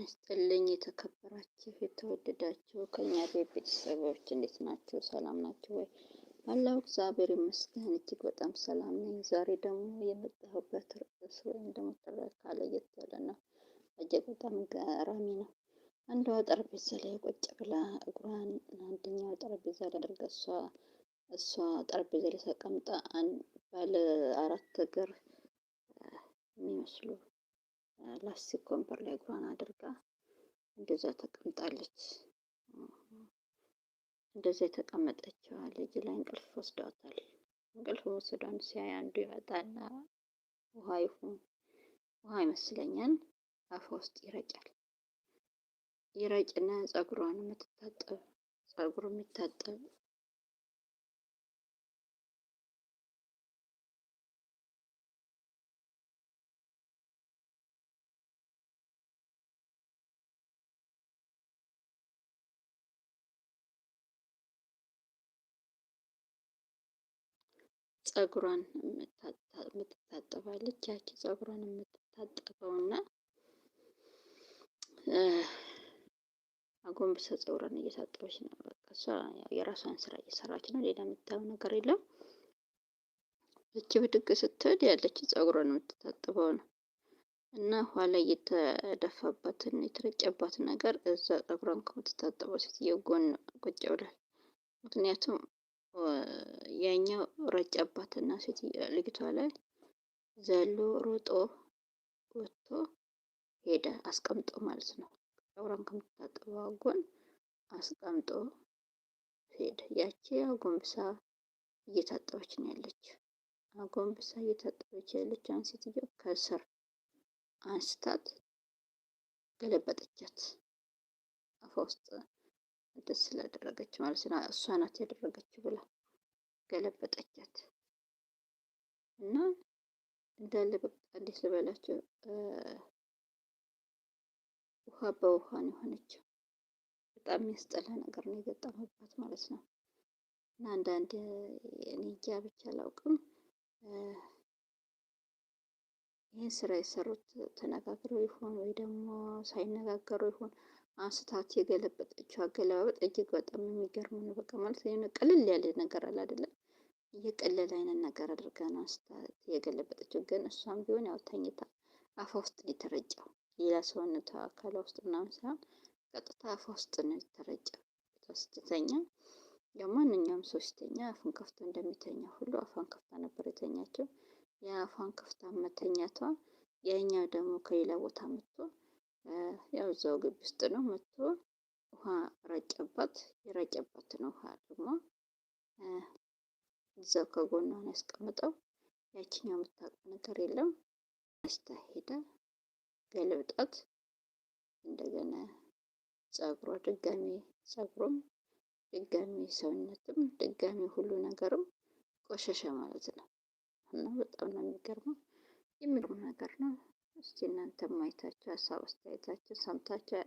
ይስጥልኝ የተከበራችሁ የተወደዳችሁ ከኛ ቤት ቤተሰቦች እንዴት ናችሁ? ሰላም ናችሁ ወይ? አላሁ እግዚአብሔር ይመስገን እጅግ በጣም ሰላም ነኝ። ዛሬ ደግሞ የመጣሁበት ርዕስ ወይም ደግሞ ትረካ ለየት ያለ ነው። እጅግ በጣም ገራሚ ነው። አንዷ ጠረጴዛ ላይ ቁጭ ብላ እግሯን አንደኛው ጠረጴዛ ላይ አድርጋ እሷ እሷ ጠረጴዛ ላይ ተቀምጣ ባለ አራት እግር የሚመስሉ ላስቲክ ወንበር ላይ እግሯን አድርጋ እንደዛ ተቀምጣለች። እንደዛ የተቀመጠችዋ ልጅ ላይ እንቅልፍ ወስዷታል። እንቅልፍ ወስዷን ሲያይ አንዱ ይመጣና ውሃ ይሁን ውሃ ይመስለኛል አፍ ውስጥ ይረጫል። ይረጭና ጸጉሯን የምትታጠብ ጸጉር የሚታጠብ ፀጉሯን የምትታጠባለች ያቺ ፀጉሯን የምትታጠበው እና አጎንብሳ ፀጉሯን እየታጠበች ነው። በቃ እሷ የራሷን ስራ እየሰራች ነው። ሌላ የምታየው ነገር የለም። እቺ ብድግ ስትል ያለች ፀጉሯን የምትታጠበው ነው እና ኋላ እየተደፋባትን የተረጨባት ነገር እዛ ፀጉሯን ከምትታጠበው ሴትዮ ጎን ቁጭ ብላል። ምክንያቱም ያኛው ረጨባት እና ሴት ልጅቷ ላይ ዘሎ ሮጦ ወጥቶ ሄደ አስቀምጦ ማለት ነው። ጸጉሯን ከምትታጠበው ጎን አስቀምጦ ሄደ። ያቺ አጎንብሳ እየታጠበች ነው ያለች። አጎንብሳ እየታጠበች ያለች ሴትዮ ከስር አንስታት ገለበጠቻት አፏ ውስጥ ደስ ስላደረገች ማለት ነው። እሷ ናት ያደረገች ብላ ገለበጠቻት እና እንዳለ በቃ እንዴት ልበላቸው ውሃ በውሃ ነው የሆነችው። በጣም የሚያስጠላ ነገር ነው የገጠመባት ማለት ነው። እና አንዳንድ እኔ እንጃ ብቻ አላውቅም። ይህን ስራ የሰሩት ተነጋግረው ይሆን ወይ ደግሞ ሳይነጋገሩ ይሆን? አንስታት የገለበጠችው አገለባበጥ እጅግ በጣም የሚገርም ነው። በቃ ማለት ቅልል ያለ ነገር አለ አይደለም እየቀለለ አይነት ነገር አድርጋ ነው የገለበጠችው። ግን እሷም ቢሆን ያው ተኝታ አፏ ውስጥ የተረጨው ሌላ ሰውነቷ አካሏ ውስጥ ምናምን ሳይሆን ቀጥታ አፏ ውስጥ ነው የተረጨው። ስትተኛ ያው ማንኛውም ሰው ሲተኛ አፉን ከፍቶ እንደሚተኛ ሁሉ አፏን ከፍታ ነበር የተኛችው የአፏን ከፍታ መተኛቷ ያኛው ደግሞ ከሌላ ቦታ መጥቶ ያው እዛው ግቢ ውስጥ ነው መጥቶ ውሃ ረጨባት። የረጨባት ነው ውሃ እዛው ከጎኗን ያስቀምጠው ያችኛው የምታውቀው ነገር የለም አስታሄደ ገልብጣት እንደገና ጸጉሯ ድጋሚ ጸጉሩም ድጋሚ ሰውነትም ድጋሚ ሁሉ ነገርም ቆሸሸ ማለት ነው። እና በጣም ነው የሚገርመው የሚሉ ነገር ነው። እስቲ እናንተ አይታችሁ ሀሳብ አስተያየታችሁ ሰምታችሁ